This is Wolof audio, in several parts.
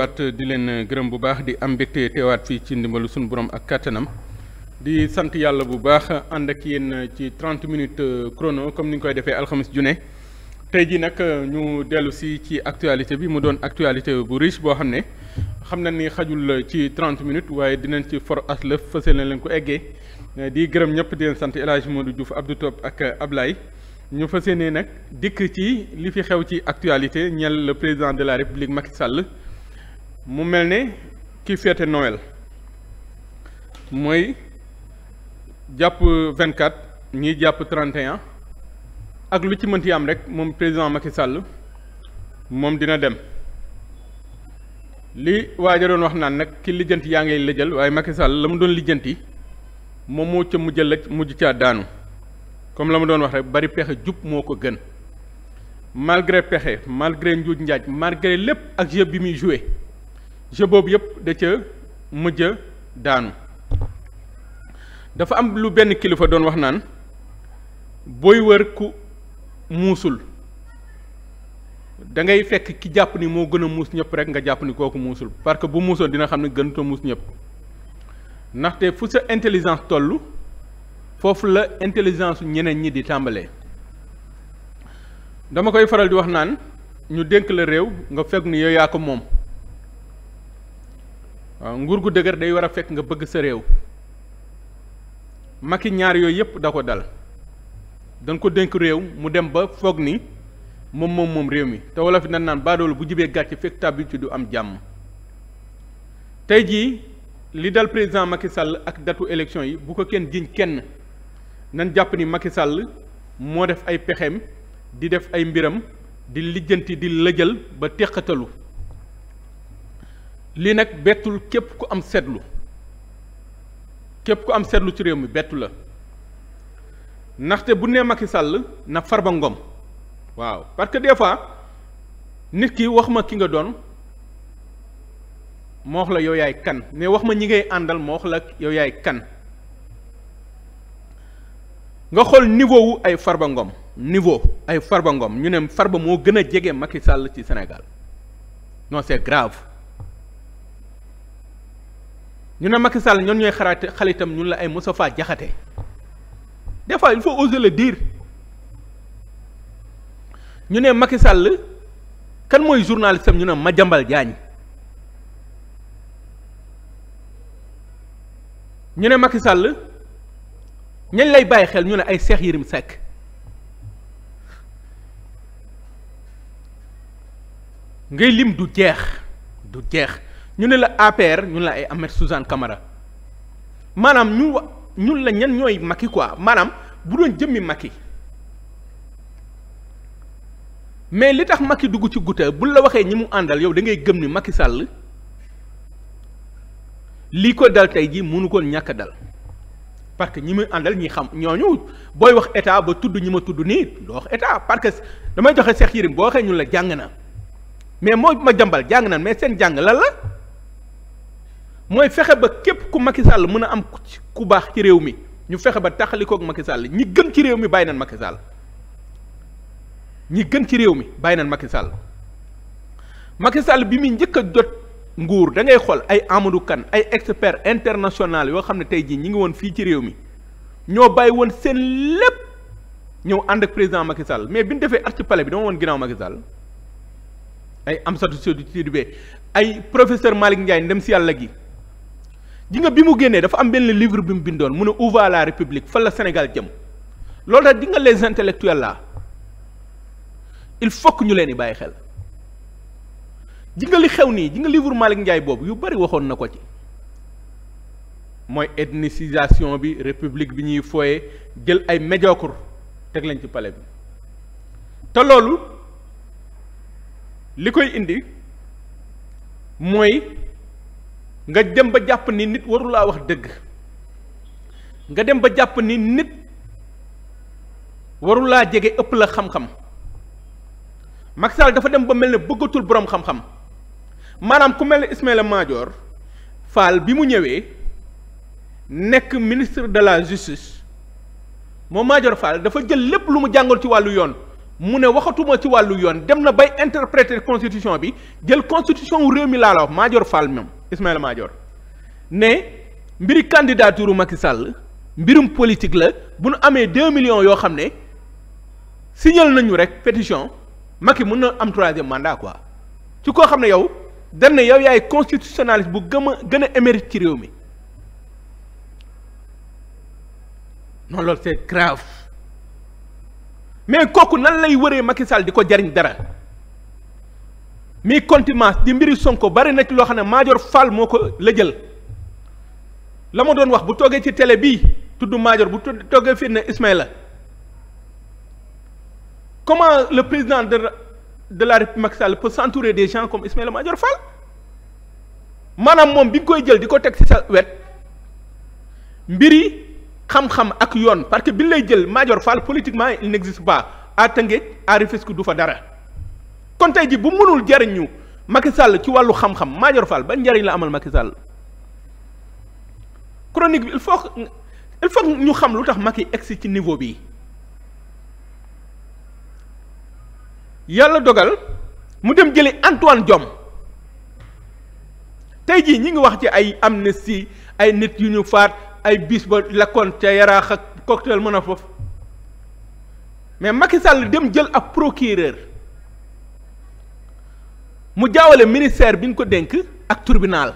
dellusiwaat eh, di leen eh, gërëm bu baax di am mbégte teewaat ci ndimbalu suñu borom ak kattanam di sant yàlla bu baax ànd ak yéen eh, ci 30 minutes chrono comme ni ñu koy defee alxamis june tey jii nag ñu dellu si ci actualité bi mu doon actualité bu riche boo xam ne xam na ni xajul ci 30 minutes waaye dinañ ci for aslëf fësal na leen ko eggee di gërëm ñëpp di sant El Hadj Modou Diouf Abdou ak Ablaye ñu fas yéene nag dikk ci li fi xew ci actualité ñeel le président de la république Macky sàll mu mel ni ki féete nowel mooy jàpp vingt quatre ñiy jàpp trente ak lu ci mënti am rek moom président Macky Sall moom dina dem li waaja doon wax naan nag ki lijjanti yaa ngay lëjal waaye Macky Sall la mu doon lijjanti moom moo ca mujjal la mujj caa daanu comme la ma doon wax rek bari pexe jub moo ko gën malgré pexe malgré njuuj njaaj malgré lépp ak jeu bi muy joué jeu boobu yëpp da ca mujj daanu dafa am lu benn kilifa doon wax naan booy wër ku muusul da ngay fekk ki jàpp ni moo gën a muus ñëpp rek nga jàpp ni kooku muusul parce que bu muusoon dina xam ne gënuta muus ñëpp ndaxte fu sa intelligence toll foofu la intelligence ñeneen ñi di tàmbalee dama koy faral di wax naan ñu dénk la réew nga fekk ni yow yaa ko moom waaw nguur gu dëgër day war a fekk nga bëgg sa réew Macky ñaar yooyu yëpp da ko dal dañ ko dénk réew mu dem ba foog ni moom moom moom réew mi te wolof fi naan baadoolu bu jibee gàcce fekk tàbbi ci du am jàmm tey jii li dal président Macky sàll ak datu élection yi bu ko kenn jiñ kenn nan jàpp ni Macky sàll moo def ay pexeem di def ay mbiram di lijjanti di lëjal ba teqatalu li nag bettul képp ku am seetlu képp ku am seetlu ci réew mi bettu la ndaxte bu ne Macky sàll na Farba Ngom waaw parce que des fois nit ki wax ma ki nga doon moo wax la yow yaay kan mais wax ma ñi ngay àndal moo wax la yow yaay kan nga xool niveau wu ay Farba Ngom niveau ay Farba Ngom ñu ne Farba moo gën a jege makki sàll ci Sénégal non c'est grave ñu ne Macky sàll ñoom ñooy xaraate xalitam ñun la ay Moustapha Diakhaté des fois il faut oser ñu ne Macky sàll kan mooy journaliste am ñu ne ma Madiambal Diagne ñu ne Macky sàll ñañ lay bàyyi xel ñu ne ay Cheikh Yérim Seck ngay lim du jeex du jeex ñu ne la APR ñun la ay Ahmed Suzanne Camara maanaam ñu wa ñun la ñan ñooy Macky quoi maanaam bu doon jëmmi Macky mais li tax Macky dugg ci guta bu la waxee ñi mu àndal yow da ngay gëm ni Macky sàll lii ko dal tey jii mënu koon ñàkk dal parce que ñi muy àndal ñi xam ñooñu booy wax état ba tudd ñi ma tudd nii doo wax état parce que damay joxe Cheikh Yérim boo waxee ñu la jàng na mais moo ma jambal jàng na mais seen jàng lan la mooy fexe ba képp ku Macky Sall mën a am ku baax ci réew mi ñu fexe ba taxalikoog Macky Sall ñi gën ci réew mi bàyyi nañ Macky ñi gën ci réew mi bàyyi nañ Macky Sall Macky Sall bi muy njëkk a jot nguur da ngay xool ay Amadou Kane ay expert international yoo xam ne tey jii ñi ngi woon fii ci réew mi ñoo bàyyi woon seen lépp ñëw ànd ak président Macky Sall mais bi ñu defee at ci pale bi dama woon ginnaaw Macky Sall ay am Sow di ay professeur Malick Ndiaye ndem si yàlla gi. di nga bi mu génnee dafa am benn livre bi mu bindoon mu ne où va la république fan la Sénégal jëm loolu tax di nga les intellectuels la il faut que ñu leen di bàyyi xel di li xew nii di nga livre Malick Ndiaye boobu yu bari waxoon na ko ci mooy ethnicisation bi république bi ñuy fooye jël ay médiocre teg lañ ci pale bi te loolu li koy indi mooy nga dem ba jàpp ni nit warulaa wax dëgg nga dem ba jàpp ni nit warulaa jege ëpp la xam-xam Macky dafa dem ba mel ne bëggatul borom xam-xam maanaam ku mel ne Ismaïla Madior Fall bi mu ñëwee nekk ministre de la justice moom Madior Fall dafa jël lépp lu mu jàngal ci wàllu yoon mu ne waxatuma ci wàllu yoon dem na bay interpréter constitution bi jël constitution wu réew mi laa la wax Fall moom Ismaïla Madior ne mbiri candidature Macky Sall mbirum politique la bu nu amee deux millions yoo xam ne signal nañu rek pétition Macky mën na am troisième mandat quoi ci koo xam ne yow dem na yow yaay constitutionnaliste bu gëm a gën a émérite ci réew mi non loolu c'est grave mais kooku nan lay wëree Macky Sall di ko jariñ dara mii contumace di mbiri Sonko bari na ci loo xam ne Madior Fall moo ko la jël la ma doon wax bu toogee ci télé bii tudd Madior bu toogee fii ne Ismaïla comment le président de de la République Macky Sall peut s'entourer des gens comme Ismaïla Madior Fall maanaam moom bi nga koy jël di ko teg ci sa wet mbiri xam-xam ak yoon parce que bi lay jël major Fall politiquement il n'existe pas à Tëngéej à du fa dara kon tey ji bu mënul jariñ ñu sàll ci wàllu xam-xam Madior Fall ban njariñ la amal Macky Sall chronique bi il faut il faut ñu xam lu tax Macky egsi ci niveau bi yàlla dogal mu dem jëli Antoine jom tey jii ñi ngi wax ci ay amnistie ay nit yu ñu faat ay bis ba lakkoon ca yaraax ak cocktail mën a foofu mais Macky Sall dem jël ab procureur mu jaawale ministère bi ñu ko denk ak tribunal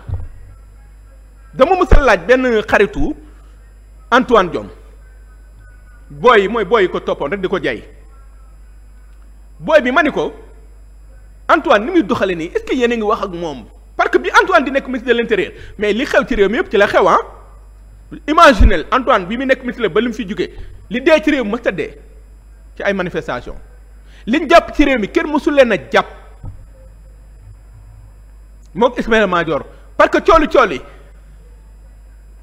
dama mësa laaj benn xaritu Antoine Diome booy yi mooy booy yi ko toppoon rek di ko jaay booy bi ma ni ko Antoine ni muy doxale nii est-ce ngi wax ak moom parce que bi Antoine di nekk ministre de l'intérieur mais li xew ci réew mi yëpp ci la xew ah imaginel Antoine bi mu nekk ministre ba li mu fi jóge li dee ci réew mi mës ta dee ci ay manifestation liñ jàpp ci réew mi kenn mësul leen a jàpp moom Ismaïla Madior parce que cooli cooli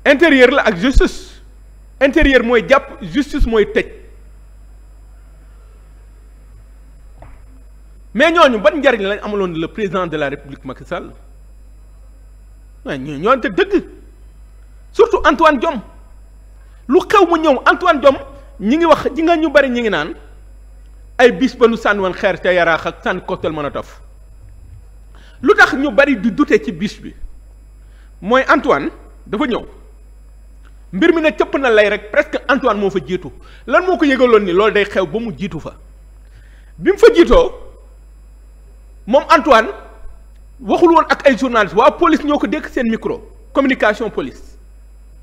intérieur la ak justice intérieur mooy jàpp justice mooy tëj mais ñooñu ban njariñ lañ amaloon le président de la république Macky Sall waaye ñoo ñooñu te dëgg surtout Antoine Diome lu xew mu ñëw Antoine jom ñi ngi wax ji nga ñu bari ñi ngi naan ay bis ba nu sànni woon xeer ca yaraax ak sànni a Molotov lu tax ñu bari di dute ci bis bi mooy Antoine dafa ñëw mbir mi ne cëpp na lay rek presque Antoine moo fa jiitu lan moo ko yëgaloon ni loolu day xew ba mu jiitu fa bi mu fa jiitoo moom Antoine waxul woon ak ay journaliste waa police ñoo ko dékk seen micro communication police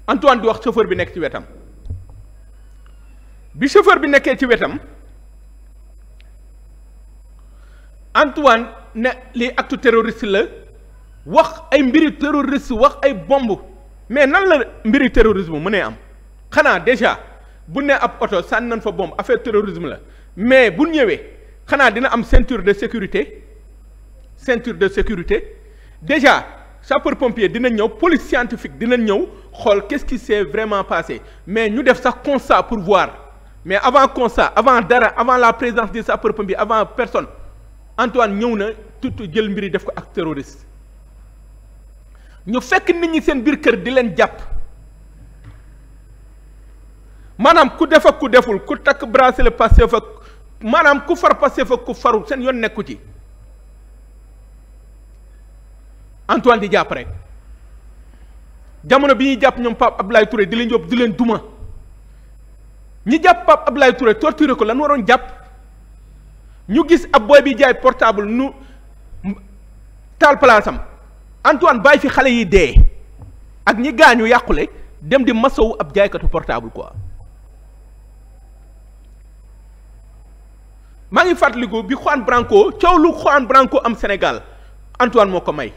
Antoine di wax chauffeur bi nekk ci wetam bi chauffeur bi nekkee ci wetam Antoine ne lii acte terroriste la wax ay mbiri terroriste wax ay bomb mais nan la mbiri mu mënee am xanaa déjà bu ne ab oto sànni nañ fa bomb affaire terrorisme la mais bu ñëwee xanaa dina am ceinture de sécurité ceinture de sécurité déjà sapeur pompier dina ñëw police scientifique dina ñëw xool qu'est-ce qui s'est vraiment passé mais ñu def sax constat pour voir mais avant constat avant dara avant la présence des sapeurs pompiers avant personne Antoine ñëw na tut jël mbiri def ko ak terroriste ñu fekk nit ñi seen biir kër di leen jàpp maanaam ku def ak ku deful ku takk bracelet Pastef ak maanaam ku far Pastef ak ku farul seen yoon nekku ci Antoine di jàpp rek jamono bi ñuy jàpp ñoom ab Abdoulaye Touré di leen yóbbu di leen duma ñi jàpp Pape Abdoulaye Touré torturé ko lan waroon jàpp ñu gis ab booy bi jaay portable nu taal place am Antoine bàyyi fi xale yi dee ak ñi gaañu yàqule dem di masowu ab jaaykatu portable quoi maa ngi fàttaliku bi Juan Branco coow lu Juan Branco am Sénégal Antoine moo ko may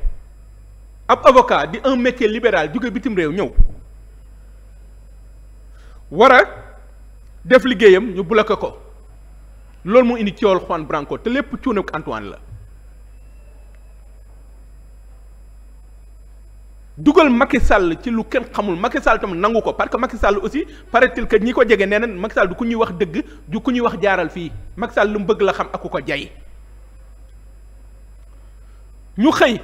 ab avocat di un métier libéral jóge bitim réew ñëw war def liggéeyam ñu bloqué ko loolu moo indi coowal Juan Branco te lépp cuune Antoine la dugal Macky Sall ci lu kenn xamul Macky Sall tam nangu ko parce que Macky Sall aussi paraît-il ñi ko jege nee na Macky Sall du ku ñuy wax dëgg du ku ñuy wax jaaral fii Macky Sall lu mu bëgg la xam ak ku ko jay ñu xëy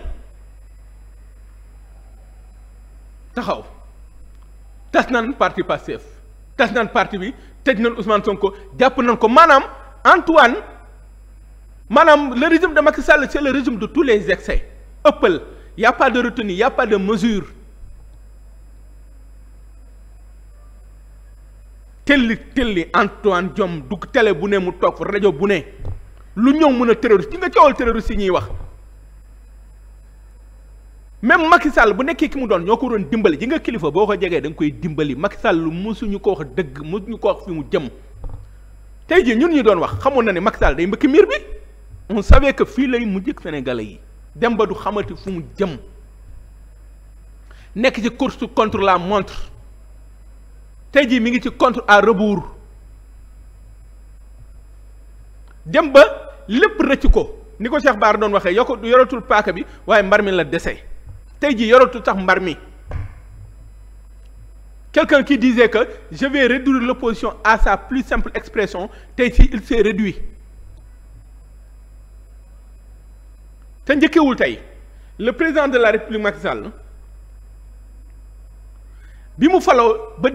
taxaw tas naan parti Pastef tas naan parti bi tëj nañ Ousmane ko jàpp nañ ko maanaam. Antoine maanaam le régime de Macky Sall c'est le régime de tous les excès ëppal y a pas de retenue y a pas de mesure telli telli Antoine Diome dugg télé bu ne mu toog rajo bu ne lu ñëw mën a terroriste ci nga coowal terroriste yi ñuy wax même Macky Sall bu nekkee ki mu doon ñoo ko doon dimbali ji nga kilifa boo ko jegee da koy dimbali Macky Sall lu mësuñu ko wax dëgg mësuñu ko wax fi mu jëm tey jii ñun ñu doon wax xamoon na ni mag Sall day mbëkki miir bi mu savait que fii lay mujj senegale yi dem ba du xamati fu mu jëm nekk ci course contre la montre tey jii mi ngi ci contre à rebours dem ba lépp rëcc ko ni ko Cheikh Baar doon waxee yokk yoratul paaka bi waaye mbar mi la dese tey jii yoratu tax mbar mi. quelqu'un qui disait que je vais réduire l'opposition à sa plus simple expression tey ci il s'est réduit te njëkkewul tey le président de la république Macky Sall bi mu faloo ba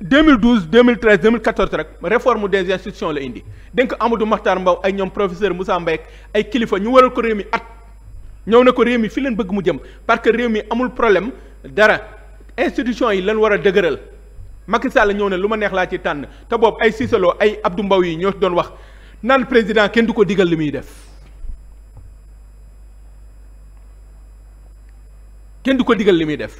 deux mille douze deux mille treize deux mille quatorze rek réforme des institutions la indi dénk Amadou Makhtar Mbow ay ñoom professeur Moussa Mbaye ay kilifa ñu waral ko réew mi at ñëw ne ko réew mi fi leen bëgg mu jëm parce que réew mi amul problème dara institution yi lan war a dëgëral Macky Sall ñëw ne lu ma neex laa ci tànn te boobu ay Cissé ay Abdou Mbow yi ñoo doon wax naan président kenn du ko digal li muy def kenn du ko digal li muy def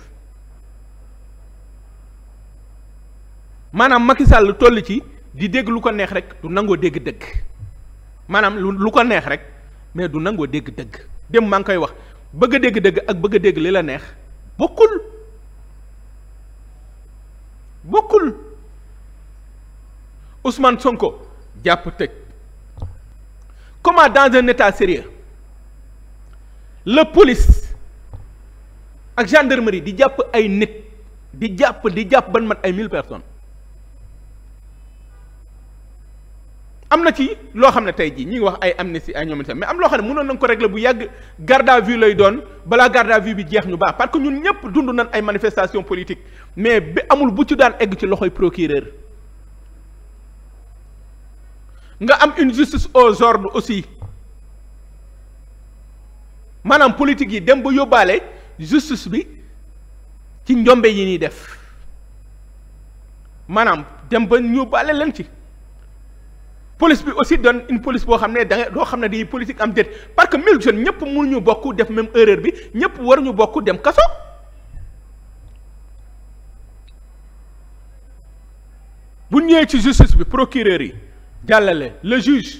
maanaam Macky Sall toll ci di dégg lu ko neex rek du nangoo dégg dëgg maanaam lu ko neex rek mais du nangoo dégg dëgg dem maa ngi koy wax bëgg dégg dëgg ak bëgg a dégg li la neex bokkul. bokkul Ousmane Sonko jàpp tëj comment dans un état sérieux la police ak gendarmerie di jàpp ay nit di jàpp di jàpp ban mat ay mille personnes am na ci loo xam ne tey jii ñu ngi wax ay amnistie ay ñoom mais am loo xam ne mënoon nañ ko régler bu yàgg garde à vue lay doon balaa garde à vue bi jeex ñu baax parce que ñun ñëpp dund nañ ay manifestation politique mais bi amul bu ci daan egg ci loxoy procureur nga am une justice aux ordres aussi maanaam politique yi dem ba yóbbaale justice bi ci njombe yi ñuy def maanaam dem ba yóbbaale leen ci police bi aussi doon une police boo xam ne da nga doo xam ne dañuy politique am déet parce que mille jeunes ñëpp mënuñu bokk def même erreur bi ñëpp ñu bokk dem kaso. bu ñëwee ci justice bi procureur yi jàllale le juge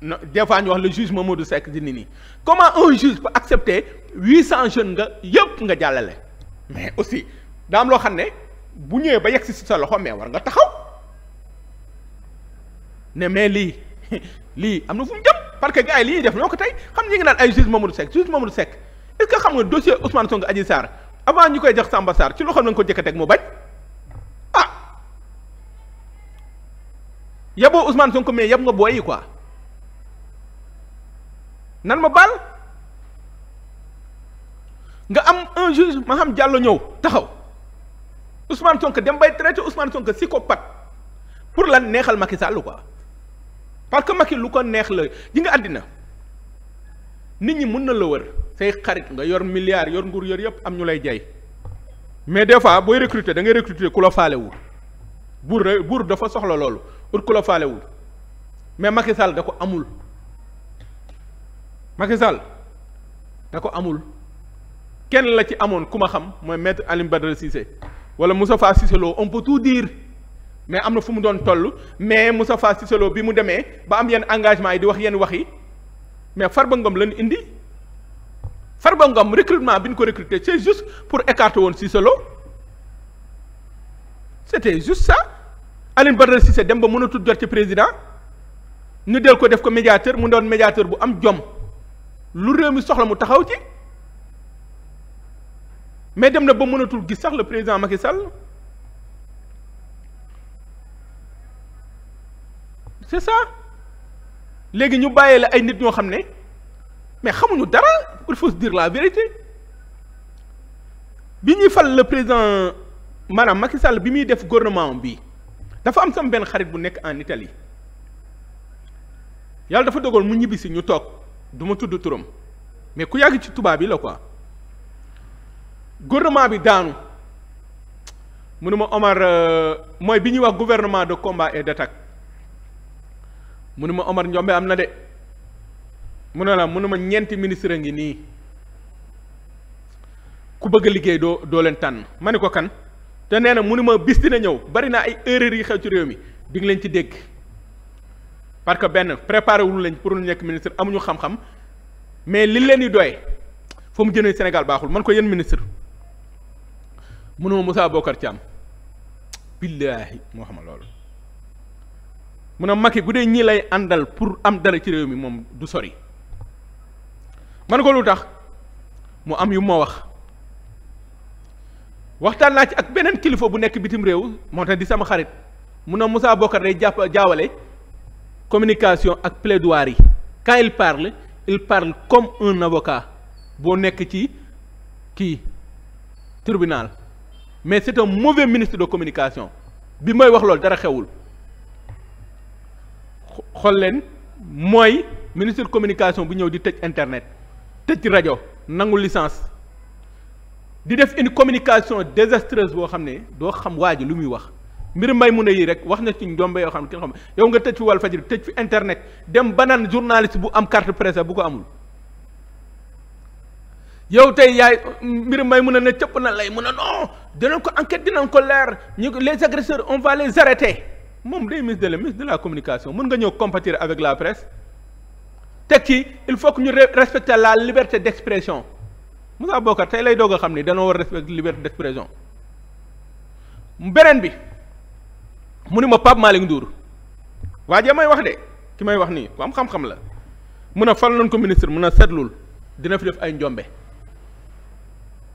non des fois ñu wax le juge Mamadou Seck di ni nii comment un juge peut accepter huit cent jeunes nga yëpp nga jàllale mais aussi daam loo xam ne bu ñëwee ba yegg si sa loxo mais war nga taxaw. ne mais lii lii am na fu mu jëm parce que gars lii li def ñoo ko tey xam ñi ngi naan ay juge Mamadou Seck juge Mamadou Seck est-ce que xam nga dossier Ousmane Sonko Adji Sarr avant ñu koy jox Samba saar ci loo xam nañ ko jëkk a teg mu bañ ah yaboo Ousmane Sonko mais yab nga booyi quoi nan ma baal nga am un juge ma xam jàll ñëw taxaw Ousmane Sonko dem bay traité Ousmane Sonko psychopathe pour lan neexal Macky Sall quoi parce que Macky lu ko neex la ji nga àddina nit ñi mën na la wër say xarit nga yor milliards yor nguur yor yëpp am ñu lay jaay mais des fois booy recruter dangay ngay recruter ku la faalewul buur buur dafa soxla loolu ut ku la faalewul mais Macky Sall da ko amul Macky Sall da ko amul kenn la ci amoon ku ma xam mooy maître Alioune Badara Cissé wala Moustapha Cissé loo on peut tout dire mais am na fu mu doon toll mais Moustapha Cissé Lo bi mu demee ba am yenn engagement yi di wax yenn wax yi mais ba Ngom lañu indi far Farba Ngom recrutement bi ñu ko recruter c'est juste pour écarter woon Cissé Lo c'était juste ça Alioune Badara Cissé dem ba mënatul jot ci président ñu del ko def ko médiateur mu doon médiateur bu am jom lu réew mi soxla mu taxaw ci mais dem na ba mënatul gis sax la président Macky Sall. c'est ça léegi ñu bàyyee la ay nit ñoo xam ne mais xamuñu dara il faut se dire la vérité bi ñuy fal le président maanaam Macky Sall bi muy def gouvernement bi dafa am sam benn xarit bu nekk en Italie yàlla dafa dogal mu ñibbisi ñu toog du ma tudd turam mais ku yàgg ci tubaab bi la ko gouvernement bi daanu mu ma Omar euh, mooy bi ñuy wax gouvernement de combat et d'attaque mu ne ma Omar Njombe am na de mu ne la mu ne ma ñeenti ministre ngi nii ku bëgg a liggéey doo doo leen tànn ma ne ko kan te nee na mu ne ma bis dina ñëw bari naa ay erreurs yi xew ci réew mi di nga leen ci dégg parce que benn préparé wul lañ pour ñu nekk ministre amuñu xam-xam mais li leen di doy foo mu jënee Sénégal baaxul man ko yéen ministre mu musaa ma Moussa am Thiam billaahi moo xam loolu mun a Macky bu dee ñii lay àndal pour am dara ci réew mi moom du sori man ko lu tax mu am yu ma wax waxtaan naa ci ak beneen kilifa bu nekk bitim réew moo tax di sama xarit mun a Moussa Bokar day jàpp jaawale communication ak plaidoirie yi quand il parle il parle comme un avocat boo nekk ci kii tribunal mais c'est un mauvais ministre de communication bi may wax loolu dara xewul xool leen mooy ministre communication bu ñëw di tëj internet tëj rajo nangu licence di def une communication désastreuse boo xam ne doo xam waa ji lu muy wax mbir mbay mun a yi rek wax na ci njombe yoo xam ne kenn xam yow nga tëj fi wàllu fajiri tëj fi internet dem banaan journaliste bu am carte presse bu ko amul yow tey yaay mbir mbay mun a ne cëpp na lay mun a non dinañ ko enquête dinañ ko leer ñu les agresseurs on va les arrêter moom day ministre de la ministre de la communication mën nga ñëw compatir avec la presse teg ci il faut que ñu respecter la liberté d'expression Moussa Bokar tey lay doog a xam ni danoo war respecter liberté d'expression beneen bi mu ni ma Pape Malick Ndour waa jee may wax de ki may wax nii ku am xam-xam la mun a fal nañ ko ministre mun a seetlul dina fi def ay njombe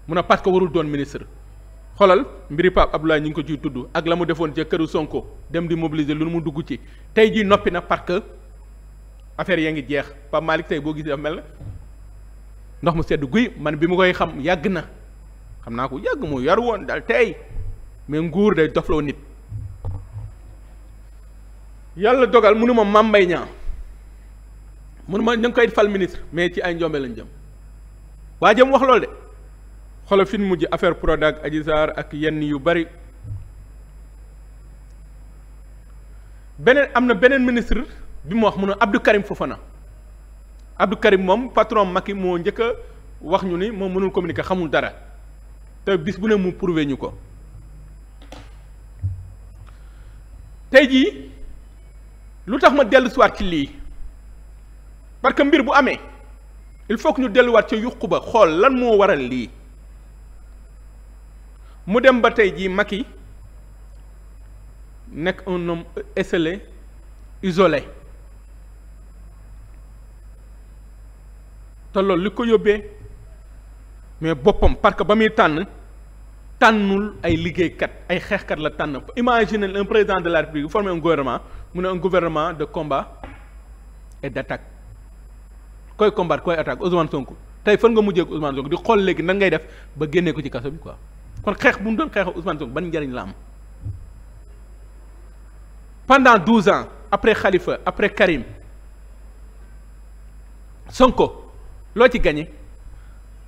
mun a parce que warul doon ministre xoolal mbiri Pape Abdoulaye ñu ngi ko ciy tudd ak la mu defoon ca këru Sonko dem di mobiliser lu mu dugg ci tey jii noppi na parce que affaire yaa ngi jeex Pape malik tey boo gisee dafa mel ndox mu sedd guy man bi mu koy xam yàgg na xam naa ko yàgg mu yar woon daal tey mais nguur day dofloo nit yàlla dogal mënu ma Mame Mbaye Niang mënu koy fal ministre mais ci ay njombe lañ jëm waa jëm wax loolu de xoolal fi mujj affaire Prodac Adji Sarr ak yenn yu bari beneen am na beneen ministre bi mu wax mun ne Abdou Karim Fofana Abdou Karim moom patron Macky moo njëkk wax ñu ni moo mënul communiquer xamul dara te bis bu ne mu prouver ñu ko tey jii lu tax ma dellu siwaat ci lii parce que mbir bu amee il faut ñu delluwaat ca yuq ba xool lan moo waral lii mu dem ba tey jii Macky nekk un homme esselé isolé te loolu li ko yóbbee mais boppam parce que ba muy tànn tànnul ay liggéeykat ay xeexkat la tànn imagine un président de la république former un gouvernement mu ne un gouvernement de combat et d'attaque koy combattre koy attaque Ousmane Sonko tey fan nga mujjee ak Ousmane Sonko di xool léegi nan ngay def ba génnee ko ci kaso bi quoi kon xeex bu mu doon xeexu Ousmane Sonko ban njëriñ la am pendant douze ans après Khalifa après Karim Sonko loo ci gagné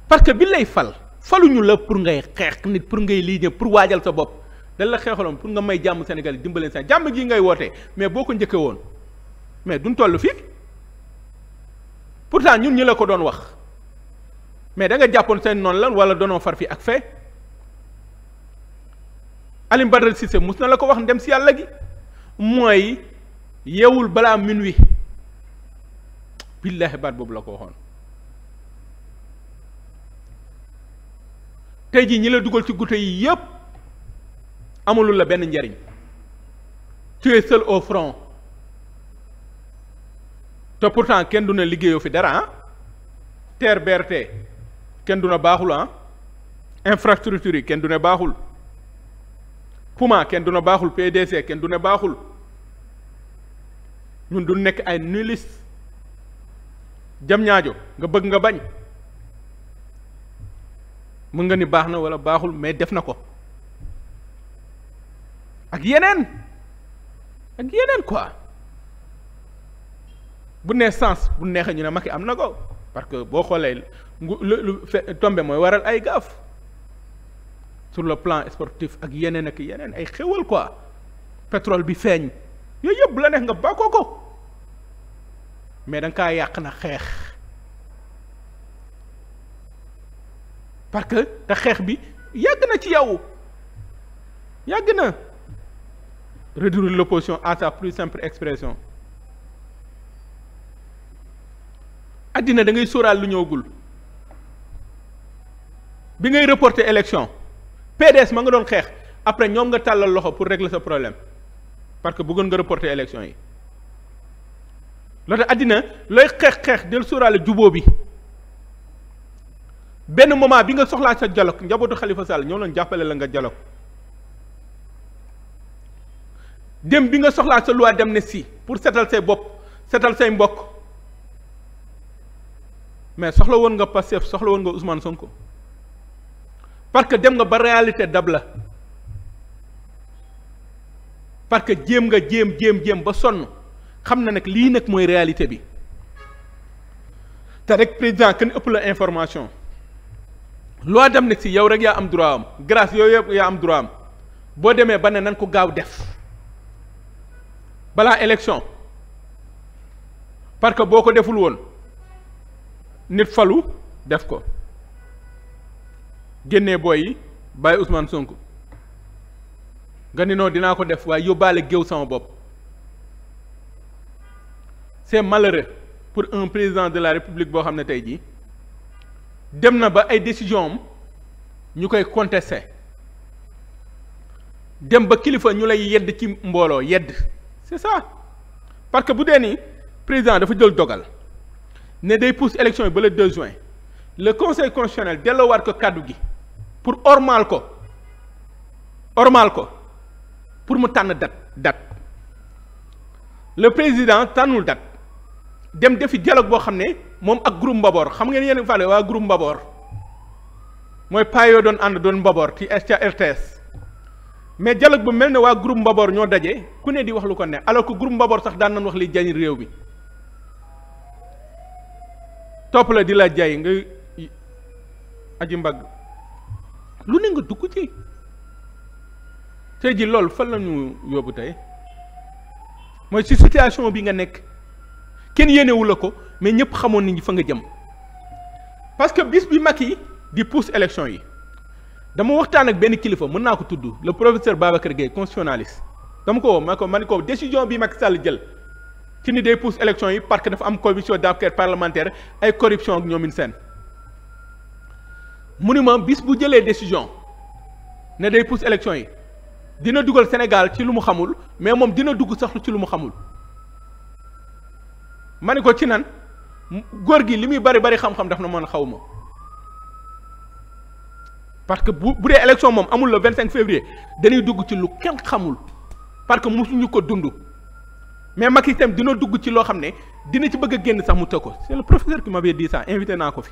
parce que bi lay fal faluñu la pour ngay xeex nit pour ngay lii pour waajal sa bopp dañ la xeexaloon pour nga may jàmm Sénégal dimbaleen seen jàmm ji ngay wootee mais boo ko njëkkee woon mais duñ toll fii pour pourtant ñun ñi la ko doon wax mais da nga jàppoon seen noon la wala doonoo far fii ak fee. Alioune Badara Cissé mus na la ko wax dem si yàlla gi mooy yeewul balaa minuit billaahi baat boobu la ko waxoon tey jii ñi la dugal ci gute yi yépp amulul la benn njariñ tu es au front te pourtant kenn du na liggéeyoo fi dara ah terre kenn du na baaxul ah infrastructure yi kenn du na baaxul Puma kenn du na baaxul PDC kenn du na baaxul ñun du nekk ay nullis jam ñaajo nga bëgg nga bañ mën nga ni baax na wala baaxul mais def na ko ak yeneen ak yeneen quoi bu nee sens bu neexee ñu ne yi am na ko parce que boo xoolee ngu mooy waral ay gaaf. sur le plan sportif ak yeneen ak yeneen ay xéwal quoi pétrole bi feeñ yooyu yëpp la neex nga bàkkoo ko mais da nga kaa yàq na xeex parce que te xeex bi yàgg na ci yow yàgg na réduire l'opposition à sa plus simple expression àddina da ngay sóoraal lu ñëwagul bi ngay reporter élection PDS ma nga doon xeex après ñoom nga tàllal loxo pour régler sa problème parce que bëggoon nga reporter élection yi loolu àddina looy xeex-xeex del suuraale juboo bi benn moment bi nga soxlaa sa dialogue njabootu xalifa Sall ñoo doon jàppale la nga dialogue dem bi nga soxlaa sa loi si pour setal say bopp setal say mbokk mais soxla woon nga Pastef soxla woon nga Ousmane Sonko. parce que dem nga ba réalité dab la parce que jéem nga jéem jéem jéem ba sonn xam na nag lii nag mooy réalité bi te rek président kenn ëpp la information loo dem nag si yow rek yaa am droit am grâce yooyu yëpp yaa am droit boo demee ba ne nan ko gaaw def balaa élection parce que boo ko deful woon nit falu def ko génnee booy yi bàyyi Ousmane Sonko nga dinaa ko def waaye yóbbaale géew sama bopp c'est malheureux pour un président de la république boo xam ne tey jii dem na ba ay décision am ñu koy contester dem ba kilifa ñu lay yedd ci mbooloo yedd c'est ça parce que bu dee nii président dafa jël dogal ne day pousse élection bi ba le 2 juin le conseil constitutionnel delloowaat ko kàddu gi. pour ormal ko ormal ko pour mu tànn date date le président tànnul date dem defi dialogue boo xam ne moom ak groupe Mbabor xam ngeen yéen fàlle waa groupe mbaboor mooy paa yoo doon ànd doon Mbabor ci ca mais dialogue bu mel ne waa groupe Mbabor ñoo daje ku ne di wax lu ko ne alors ko groupe Mbabor sax daan nañ wax li jañ réew mi topp la di la jaay ngay aji mbag lu ne nga dugg ci tey ji loolu fan la ñu yóbbu tey mooy si situation bi nga nekk kenn yéenewu la ko mais ñëpp xamoon nañu fa nga jëm parce que bis bi yi di pousse élection yi dama waxtaan ak benn kilifa mën naa ko tudd le professeur Babacar Gueye constitutionnaliste dama ko woo ma ko man ko décision bi Macky Sall jël ci ni day pousse élection yi parce que dafa am commission d'enquête parlementaire ay corruption ak ñoomin seen mu ni ma bis bu jëlee décision ne day pousse élection yi dina dugal Sénégal ci lu mu xamul mais moom dina dugg saxlu ci lu mu xamul ma ni ko ci nan góor gi li muy bari bari xam-xam daf na mën xaw ma parce que bu bu dee élection moom amul le vingt cinq février dañuy dugg ci lu kenn xamul parce que musuñu ko dund mais Macky itam dina dugg ci loo xam ne dina ci bëgg a génn sax mu tëgg ko c'est le ki qui bee dit ça invité naa ko fi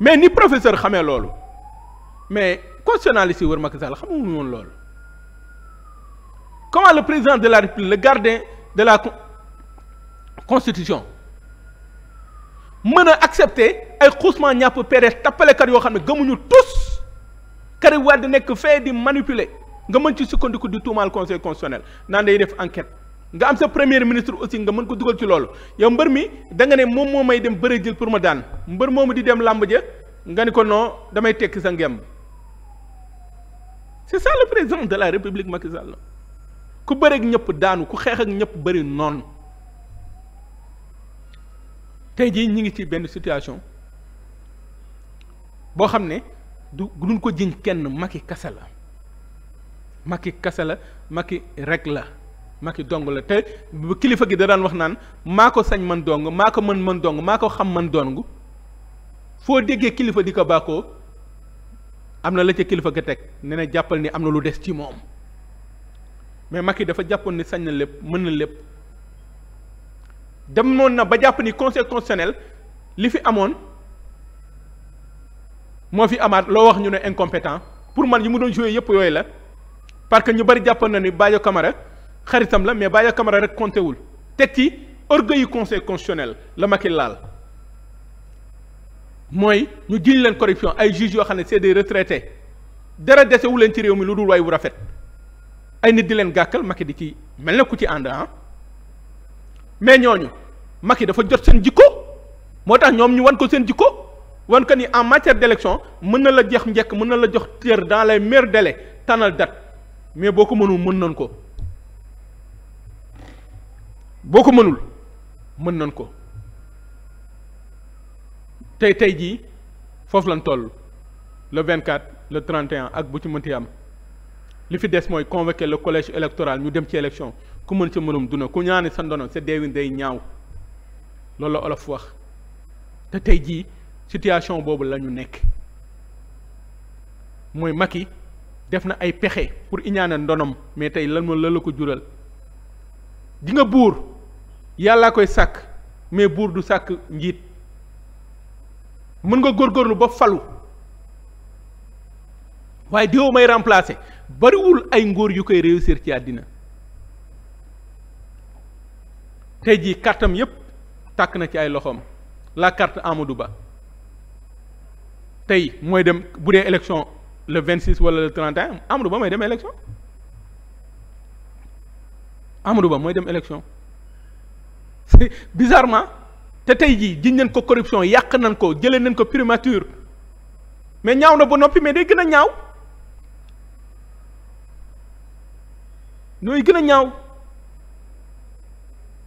mais ni professeur xamee loolu mais constitutionnaliste yi wër Macky Sall xamuñu woon loolu comment le président de la République le gardien de la constitution mën a accepter ay xuusman ñàpp PDS tappalekat yoo xam ne gëmuñu tous Karim di nekk fee di manipuler nga mën ci sukkandiku di tuumaal conseil constitutionnel naan day def enquête nga am sa première ministre aussi nga mën ko dugal ci loolu yow mbër mi da nga ne moom moo may dem bëre jël pour ma daan mbër moomu di dem làmb ja nga ne ko non damay tekki sa ngemb c'est ça le président de la république Macky Sall ku bëre ak ñëpp daanu ku xeex ak ñëpp bëri noon tey jii ñi ngi ci benn situation boo xam ne du duñ ko jiñ kenn Macky kasa la Macky kasa la Macky rek la. yi dong la te kilifa gi da daan wax naan maa ko sañ man dong maa ko mën man dong maa ko xam man dong foo déggee kilifa di ko bàkkoo am na la ci kilifa ga teg ne na jàppal ni am na lu des ci moom mais mag yi dafa jàppoon ni sañ na lépp mën na lépp dem demoon na ba jàpp ni conseil constitutionnel li fi amoon moo fi amaat loo wax ñu ne incompétent pour man yi mu doon joué yëpp yooyu la parce que ñu bari jàppoon na ni Badio Camara xaritam la mais Baya Camara rek compté wul teg ci orgueil conseil constitutionnel la Macky laal mooy ñu jiñ leen corruption ay juges yoo xam ne c'est des retraités dara desewu leen ci réew mi lu dul waay bu rafet ay nit di leen gàkkal Macky di ci mel na ku ci ànd ah mais ñooñu yi dafa jot seen jikko moo tax ñoom ñu wan ko seen jikko wan ko ni en matière d'élection mën na la jeex njëkk mën na la jox tër dans lay meilleurs dele tànnal date mais boo ko mënul mën nañ ko boo ko mënul mën nañ ko tey tey jii foofu lañ toll le 24 le 31 ak bu ci mënti am li fi des mooy convoquer le collège électoral ñu dem ci élection ku mën sa mënum duna ku ñaane sa ndono sa deewin day ñaaw loolu la olof wax te tey jii situation boobu la ñu nekk mooy mag yi def na ay pexe pour iñaane ndonom mais tey lan moo la la ko jural di nga buur yàllaa koy sàkk mais buur du sàkk njiit mën nga góorgóorlu ba falu waaye diw may remplacer bariwul ay ngóor yu koy réussir ci àddina tey jii kàrtam yépp takk na ci ay loxoom la carte Amadou Ba tey mooy dem bu dee élection le 26 wala le 31 Amadou Ba mooy dem élection Ba mooy dem élection bizarrement te tey jii jiñ nañ ko corruption yàq nañ ko jëlee nañ ko primature mais ñaaw na ba noppi mais day gën a ñaaw nooy gën a ñaaw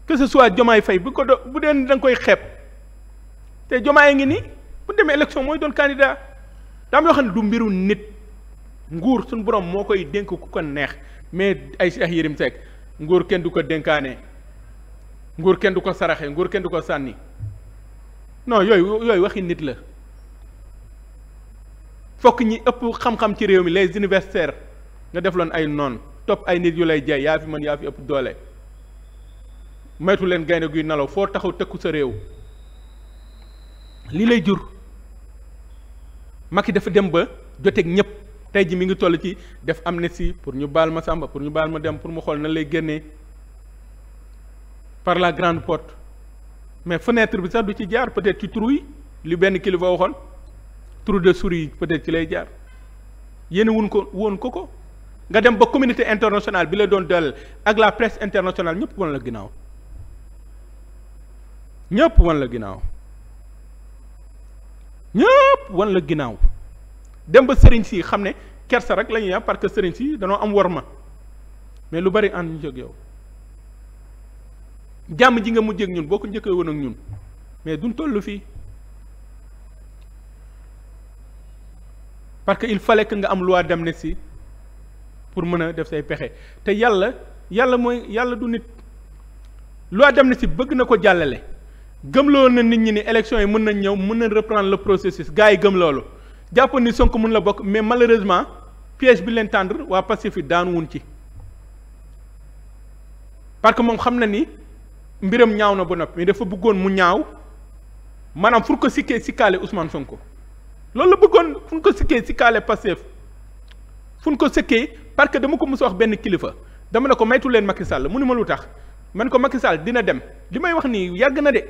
que ce soit Jomaay Fay bu ko do bu dee da nga koy xep te Jomaay a ngi ni bu demee élection mooy doon candidat daam yoo du mbiru nit nguur suñu borom moo koy dénk ku ko neex mais ay Cheikh Yérim Seck nguur kenn du ko dénkaane nguur kenn du ko saraxe nguur kenn du ko sànni no yooyu yooyu waxi nit la fokk ñi ëpp xam-xam ci réew mi les universitaires nga def loon ay noon topp ay nit yu lay jaay yaa fi yaa fi ëpp doole moytu leen gaynde guy nalaw foo taxaw tëkku sa réew lii lay jur Macky dafa dem ba joteeg ñëpp tey ji mi ngi toll ci def am si pour ñu baal ma sàmba pour ñu baal ma dem pour mu xool na lay génnee par la grande porte mais fenêtre bi sax du ci jaar peut-être ci trou yi li benn kilifa waxoon trou de souris yi peut-être ci lay jaar yéen wun ko woon ko ko nga dem ba communauté internationale bi la doon dalal ak la presse internationale ñëpp wan la ginnaaw ñëpp wan la ginnaaw ñëpp wan ginnaaw dem ba sëriñ si xam ne kersa rek la ñuy am parce que sëriñ si danoo am war ma mais lu bari ànd ñu jóg yow jàmm ji nga mujjee ak ñun boo ko njëkkee woon ak ñun mais duñ toll fii parce que il fallait que nga am loi si pour mën a def say pexe te yàlla yàlla mooy yàlla du nit dem ne si bëgg na ko jàllale gëm gëmloo na nit ñi ni élection yi mën nañ ñëw mën na reprendre le processus gars yi gëm loolu jàppoon ni Sonko mën la bokk mais malheureusement piège bi leen tendre waa Pastef yi daanu wuñ ci parce que moom xam na ni. mbiram ñaaw na ba noppi mais dafa bëggoon mu ñaaw maanaam pour que sikkee sikkaale Ousmane Sonko loolu la bëggoon fu ko sikkee sikkaale Pastef fu ko sëkkee parce que dama ko mos a wax benn kilifa dama ne ko maytu leen Macky Sall mu ni ma lu tax man ko Macky dina dem li may wax nii yàgg na de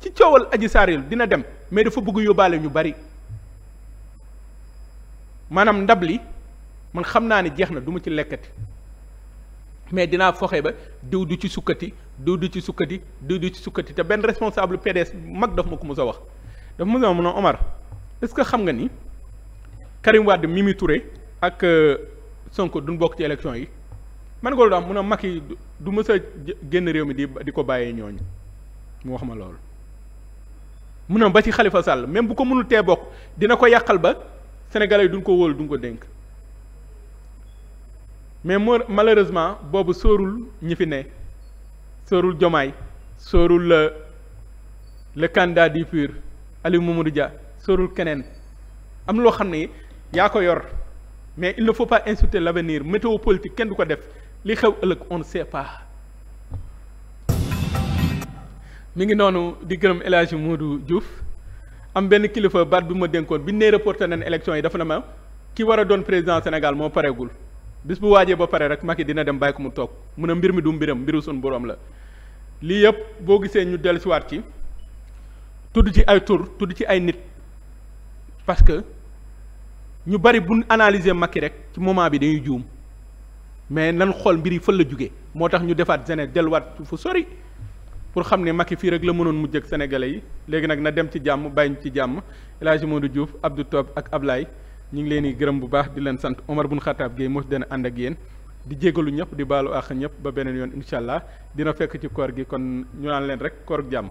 ci coowal aji saaril dina dem mais dafa bëgg yóbbaale ñu bari maanaam ndab li man xam naa ne jeex na duma ci lekkati mais dinaa foxe ba diw du ci sukkati du du ci sukkati du du ci sukkati te benn responsable PDS mag daf ma ko mos a wax daf mos a wax Omar est-ce que xam nga ni Karim Wade Mimi Touré ak euh, Sonko duñ bokk ci yi man nga loolu mun a mag yi du mës a génn réew mi di di ko bàyyee ñooñu mu wax ma loolu. mun a ba ci xalifa Sall même bu ko mënul tee bokk dina ko yàqal ba sénégal yi duñ ko wóolu duñ ko dénk mais malheureusement boobu soorul ñi fi ne. sóorul Jomaay sóorul le le candidat du PUR Aliou Mamadou Dia sóorul keneen am loo xam ne yaa ko yor mais il ne faut pas insulter l'avenir météo politique kenn du ko def li xew ëllëg on ne sait pas. mi ngi noonu di gërëm El Hadj Modou Diouf am benn kilifa baat bi ma dénkoon bi ñu nee reporté nañ élection yi dafa na ma ki war a doon président Sénégal moo pareegul. bis bu waajee ba pare rek Macky dina dem bàyyi ko mu toog mun a mbir mi du mbiram mbiru suñu borom la lii yëpp boo gisee ñu dellusiwaat ci tudd ci ay tur tudd ci ay nit parce que ñu bari buñ analyser Macky rek ci moment bi dañuy juum mais nan xool mbir yi fël la jóge moo tax ñu defaat Sénégal delluwaat fu sori pour xam ne Macky fii rek la mënoon mujj ak sénégalais yi léegi nag na dem ci jàmm bàyyi ci jàmm El Hadj Modou Diouf Abdou Top ak ablaay ñu ngi leen di gërëm bu baax di leen sant Omar bun Xataab Gueye moo ci dana ak yéen di jégalu ñëpp di baalu a ñëpp ba beneen yoon incha allah dina fekk ci koor gi kon ñu naan leen rek koor jàmm